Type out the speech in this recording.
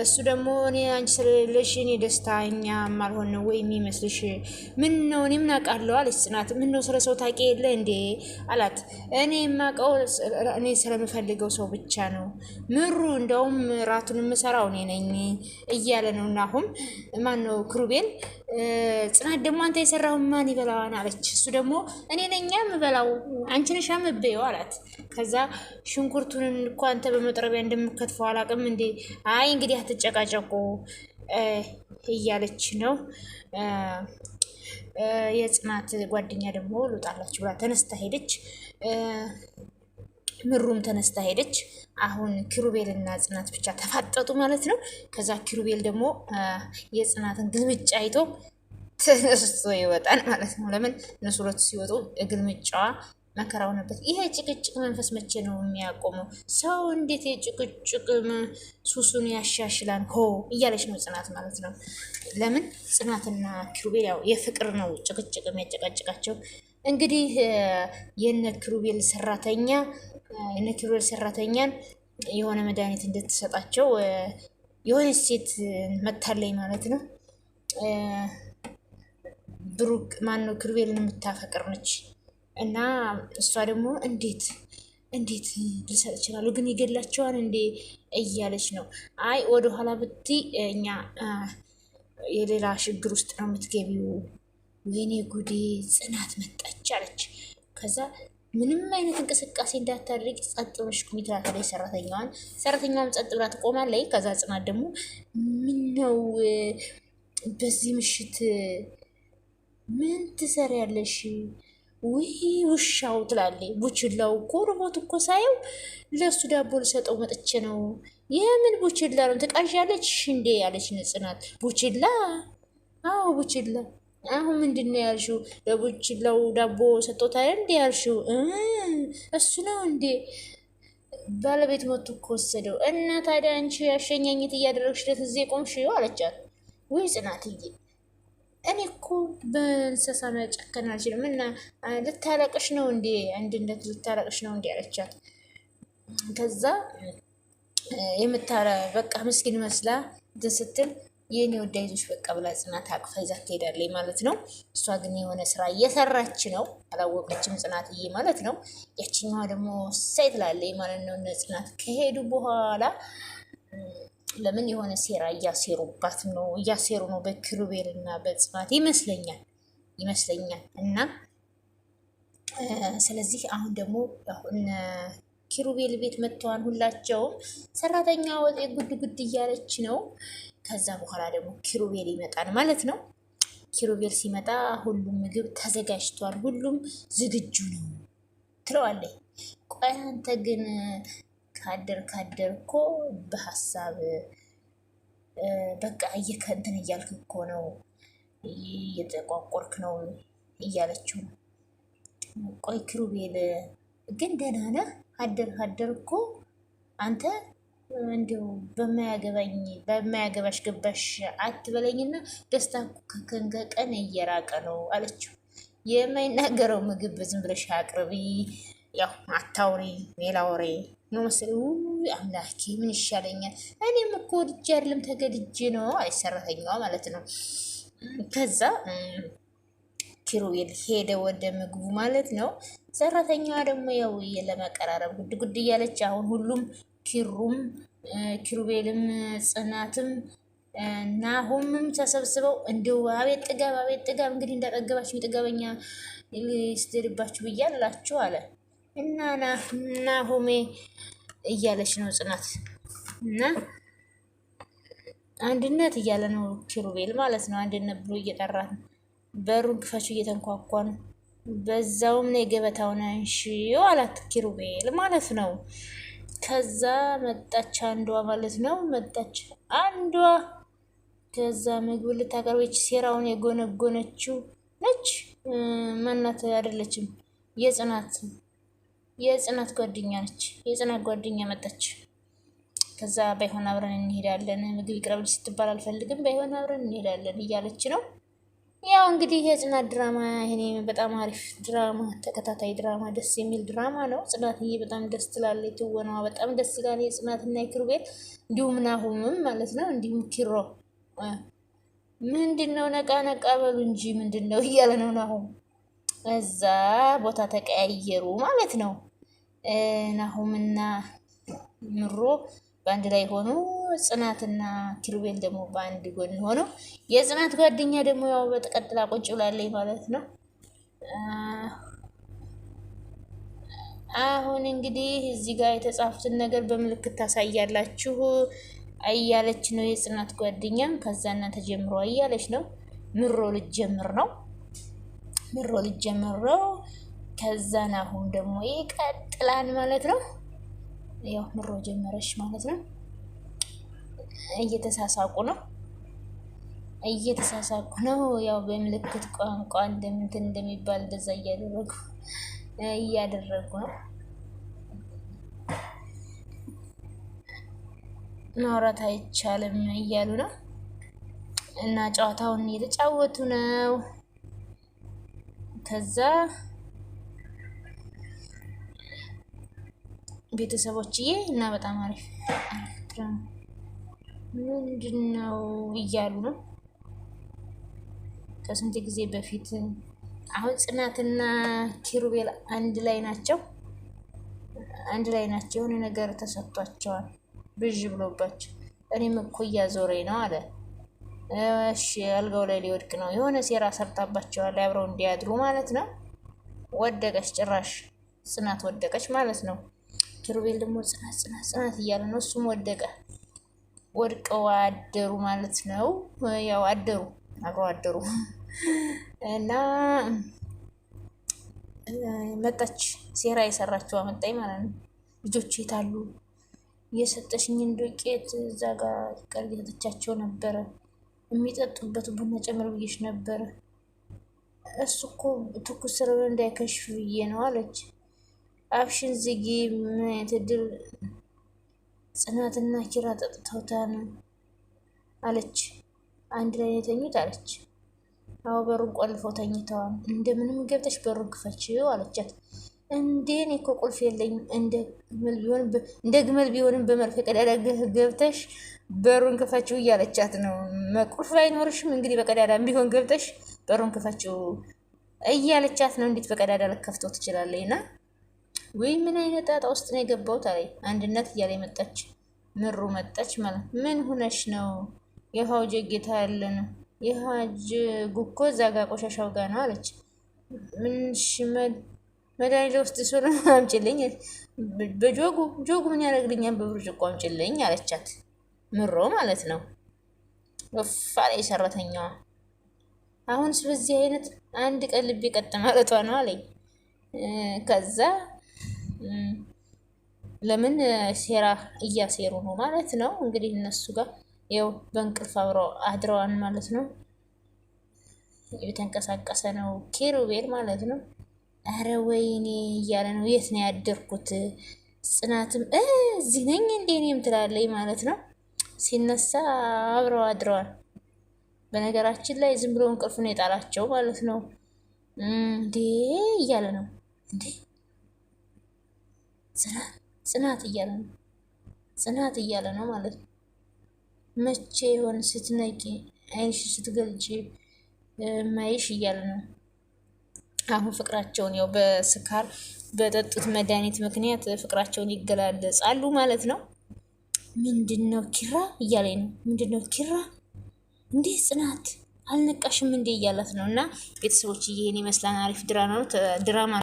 እሱ ደግሞ እኔ አንቺ ስለሌለሽ እኔ ደስታኛ ማልሆን ነው ወይ የሚመስልሽ? ምን ነው እኔ ምን አውቃለሁ አለች ጽናት። ምን ነው ስለ ሰው ታውቂ የለ እንዴ አላት። እኔ የማውቀው እኔ ስለምፈልገው ሰው ብቻ ነው። ምሩ እንደውም ራቱን የምሰራው እኔ ነኝ እያለ ነው። እናሁም ማን ነው ክሩቤል ጽናት ደግሞ አንተ የሰራውን ማን ይበላዋን አለች። እሱ ደግሞ እኔ ነኛ ምበላው አንቺ ነሽ ምበየው አላት። ከዛ ሽንኩርቱን እኮ አንተ በመጥረቢያ እንደምከትፈው አላቅም እንዴ? አይ እንግዲህ አትጨቃጨቁ እያለች ነው። የጽናት ጓደኛ ደግሞ ልውጣላችሁ ብላ ተነስታ ሄደች። ምሩም ተነስታ ሄደች። አሁን ኪሩቤልና ጽናት ብቻ ተፋጠጡ ማለት ነው። ከዛ ኪሩቤል ደግሞ የጽናትን ግልምጫ አይቶ ተነስቶ ይወጣል ማለት ነው። ለምን እነሱ ሁለቱ ሲወጡ ግልምጫዋ መከራ ሆነበት። ይሄ ጭቅጭቅ መንፈስ መቼ ነው የሚያቆመው? ሰው እንዴት የጭቅጭቅ ሱሱን ያሻሽላል? ሆ እያለች ነው ጽናት ማለት ነው። ለምን ጽናትና ኪሩቤል ያው የፍቅር ነው ጭቅጭቅ የሚያጨቃጭቃቸው። እንግዲህ የነ ኪሩቤል ሰራተኛ ነኪሮል ሰራተኛን የሆነ መድኃኒት እንድትሰጣቸው የሆነች ሴት መታለኝ ማለት ነው። ብሩክ ማነው ክሩቤልን የምታፈቅር ነች እና እሷ ደግሞ እንዴት እንዴት ልሰጥ ይችላሉ ግን ይገላቸዋል እንዴ እያለች ነው። አይ ወደኋላ ብትይ እኛ የሌላ ችግር ውስጥ ነው የምትገቢው። ወይኔ ጉዴ ጽናት መጣች አለች። ከዛ ምንም አይነት እንቅስቃሴ እንዳታደርግ ጸጥ ብለሽ ቁሚ ትላለች ሰራተኛዋን። ሰራተኛዋም ጸጥ ብላ ትቆማለች። ከዛ ጽናት ደግሞ ምነው በዚህ ምሽት ምን ትሰሪያለሽ? ውይ ውሻው ትላለች። ቡችላው እኮ ርቦት እኮ ሳየው ለእሱ ዳቦ ልሰጠው መጥቼ ነው። የምን ቡችላ ነው ትቃዣለች እንዴ? ያለች ጽናት ቡችላ አዎ ቡችላ አሁን ምንድን ነው ያልሽው? ለቡች ለው ዳቦ ሰጦታል እንዴ ያልሽው? እሱ ነው እንዴ? ባለቤት መቶ እኮ ወሰደው እና ታዲያ አንቺ ያሸኛኝት እያደረግሽ ደት እዚህ ቆምሽ አለቻት። ወይ ጽናትዬ፣ እኔ እኮ በእንስሳ መጨከን አልችልም እና ልታለቅሽ ነው እንዴ? አንድነት ልታለቅሽ ነው እንዴ አለቻት። ከዛ የምታረ በቃ ምስኪን መስላ ስትል የኔ ወዳይዞች በቃ ብላ ጽናት አቅፋ ይዛ ትሄዳለች ማለት ነው። እሷ ግን የሆነ ስራ እየሰራች ነው፣ አላወቀችም ጽናትዬ ማለት ነው። ያችኛዋ ደግሞ ሳይ ትላለች ማለት ነው። እነ ጽናት ከሄዱ በኋላ ለምን የሆነ ሴራ እያሴሩባት ነው እያሴሩ ነው በኪሩቤል እና በጽናት ይመስለኛል ይመስለኛል እና ስለዚህ አሁን ደግሞ ኪሩቤል ቤት መጥተዋል ሁላቸውም ሰራተኛ ወጤ ጉድ ጉድ እያለች ነው ከዛ በኋላ ደግሞ ኪሩቤል ይመጣል ማለት ነው። ኪሩቤል ሲመጣ ሁሉም ምግብ ተዘጋጅቷል፣ ሁሉም ዝግጁ ነው ትለዋለች። ቆይ አንተ ግን ካደር ካደር እኮ በሀሳብ በቃ እየከንትን እያልክ እኮ ነው እየተቋቆርክ ነው እያለችው ነው። ቆይ ኪሩቤል ግን ደህና ነህ? አደር ካደር እኮ አንተ እንዲሁ በማያገባኝ በማያገባሽ ገባሽ አትበለኝና ደስታ ከንገቀን እየራቀ ነው አለችው። የማይናገረው ምግብ ዝም ብለሽ አቅርቢ፣ ያው አታውሪ፣ ሌላ ወሬ ነው መሰለኝ። ውይ አምላኬ፣ ምን ይሻለኛል? እኔም እኮ ወድጄ አይደለም ተገድጄ ነው አለች ሰራተኛዋ ማለት ነው። ከዛ ኪሩቤል ሄደ ወደ ምግቡ ማለት ነው። ሰራተኛዋ ደግሞ ያው ለመቀራረብ ጉድ ጉድ እያለች አሁን ሁሉም ኪሩም ኪሩቤልም ጽናትም ናሆምም ተሰብስበው እንዲሁ አቤት ጥጋብ አቤት ጥጋብ እንግዲህ እንዳጠገባችሁ የጥጋበኛ ስደድባችሁ ብያላችሁ አለ እና ናሆሜ እያለች ነው ጽናት እና አንድነት እያለ ነው ኪሩቤል ማለት ነው። አንድነት ብሎ እየጠራ ነው። በሩን ክፈችው እየተንኳኳ ነው። በዛውም ነው የገበታውን አንሺው አላት ኪሩቤል ማለት ነው። ከዛ መጣች አንዷ ማለት ነው። መጣች አንዷ ከዛ ምግብ ልታቀርበች ሴራውን የጎነጎነችው ነች። መናት አይደለችም፣ የጽናት የጽናት ጓደኛ ነች። የጽናት ጓደኛ መጣች። ከዛ ባይሆን አብረን እንሄዳለን ምግብ ይቅረብል ስትባል አልፈልግም፣ ባይሆን አብረን እንሄዳለን እያለች ነው ያው እንግዲህ የጽናት ድራማ ይሄኔ በጣም አሪፍ ድራማ ተከታታይ ድራማ ደስ የሚል ድራማ ነው። ጽናትዬ በጣም ደስ ትላለች፣ ትወናዋ በጣም ደስ ይላል። የጽናትና የኪሩቤል እንዲሁም ናሁምም ማለት ነው። እንዲሁም ኪሮ ምንድን ነው ነቃ ነቃ በሉ እንጂ ምንድን ነው እያለ ነው ናሁም። እዛ ቦታ ተቀያየሩ ማለት ነው ናሁምና ምሮ በአንድ ላይ ሆኖ ጽናትና ኪሩቤል ደግሞ በአንድ ጎን ሆኖ የጽናት ጓደኛ ደግሞ ያው በተቀጥላ ቁጭ ብላለች ማለት ነው። አሁን እንግዲህ እዚህ ጋር የተጻፉትን ነገር በምልክት ታሳያላችሁ እያለች ነው የጽናት ጓደኛም። ከዛ እና ተጀምሮ እያለች ነው ምሮ ልጀምር ነው ምሮ ልጀምረው ከዛን አሁን ደግሞ ይቀጥላል ማለት ነው። ያው ምሮ ጀመረች ማለት ነው። እየተሳሳቁ ነው እየተሳሳቁ ነው። ያው በምልክት ቋንቋ እንደምንትን እንደሚባል እንደዛ እያደረጉ እያደረጉ ነው። ማውራት አይቻልም እያሉ ነው እና ጨዋታውን እየተጫወቱ ነው ከዛ ቤተሰቦችዬ እና በጣም አሪፍ ምንድን ነው እያሉ ነው። ከስንት ጊዜ በፊት አሁን ጽናትና ኪሩቤል አንድ ላይ ናቸው፣ አንድ ላይ ናቸው። የሆነ ነገር ተሰጥቷቸዋል ብዥ ብሎባቸው፣ እኔም እኮ እያዞሬ ነው አለ። እሺ አልጋው ላይ ሊወድቅ ነው። የሆነ ሴራ ሰርታባቸዋል፣ አብረው እንዲያድሩ ማለት ነው። ወደቀች፣ ጭራሽ ጽናት ወደቀች ማለት ነው። ኪሩቤል ደግሞ ጽናት ጽናት ጽናት እያለ ነው። እሱም ወደቀ። ወድቀው አደሩ ማለት ነው። ያው አደሩ አብረው አደሩ እና መጣች። ሴራ የሰራችው አመጣኝ ማለት ነው። ልጆች የታሉ? የሰጠሽኝን ዱቄት እዛ ጋር ቀር እየሰጠቻቸው ነበረ። የሚጠጡበት ቡና ጨምር ብዬሽ ነበረ። እሱ እኮ ትኩስ ስለሆነ እንዳይከሽፍ ብዬ ነው አለች። አፍሽን ዝጊ። ምን አይነት እድል! ጽናትና ኪራ ጠጥተውታን አለች። አንድ ላይ የተኙት አለች። አዎ በሩን ቆልፈው ተኝተዋል። እንደምንም ገብተሽ በሩን ክፈችው አለቻት። እንዴ እኔ እኮ ቁልፍ የለኝም። እንደ ግመል ቢሆንም በመርፌ ቀዳዳ ገብተሽ በሩን ክፈችው እያለቻት ነው። መቁልፍ ባይኖርሽም እንግዲህ በቀዳዳ ቢሆን ገብተሽ በሩን ክፈችው እያለቻት ነው። እንዴት በቀዳዳ ልከፍቶ ትችላለች? ወይ ምን አይነት ጣጣ ውስጥ ነው የገባሁት አለኝ። አንድነት እያለ መጣች፣ ምሩ መጣች ማለት ምን ሁነሽ ነው? የሀውጀ ጌታ ያለ ነው የሀጅ ጉኮ እዛ ጋ ቆሻሻው ጋ ነው አለች። ምንሽ መድኃኒት ለውስጥ ሲሆነ አምጭልኝ፣ በጆጉ ጆጉ ምን ያደርግልኛል? በብርጭቆ አምጭልኝ አለቻት። ምሮ ማለት ነው ወፋ ላይ ሰራተኛዋ አሁንስ በዚህ አይነት አንድ ቀን ልቤ ቀጥ ማለቷ ነው አለኝ። ከዛ ለምን ሴራ እያሴሩ ነው ማለት ነው። እንግዲህ እነሱ ጋር ያው በእንቅልፍ አብረው አድረዋል ማለት ነው። የተንቀሳቀሰ ነው ኬሩቤል ማለት ነው። አረ ወይኔ እያለ ነው። የት ነው ያደርኩት? ጽናትም እዚህ ነኝ እንዴ እኔም ትላለኝ ማለት ነው። ሲነሳ አብረው አድረዋል። በነገራችን ላይ ዝም ብሎ እንቅልፍ ነው የጣላቸው ማለት ነው። እንዴ እያለ ነው እንዴ ጽናት እያለ ነው ጽናት እያለ ነው ማለት ነው። መቼ የሆነ ስትነቂ አይንሽ ስትገልጭ ማይሽ እያለ ነው። አሁን ፍቅራቸውን ያው በስካር በጠጡት መድኃኒት ምክንያት ፍቅራቸውን ይገላለጻሉ ማለት ነው። ምንድን ነው ኪራ እያለኝ ነው። ምንድን ነው ኪራ እንዴ ጽናት አልነቃሽም እንዴ እያላት ነው። እና ቤተሰቦች ይህን ይመስላል አሪፍ ድራማ ነው ድራማ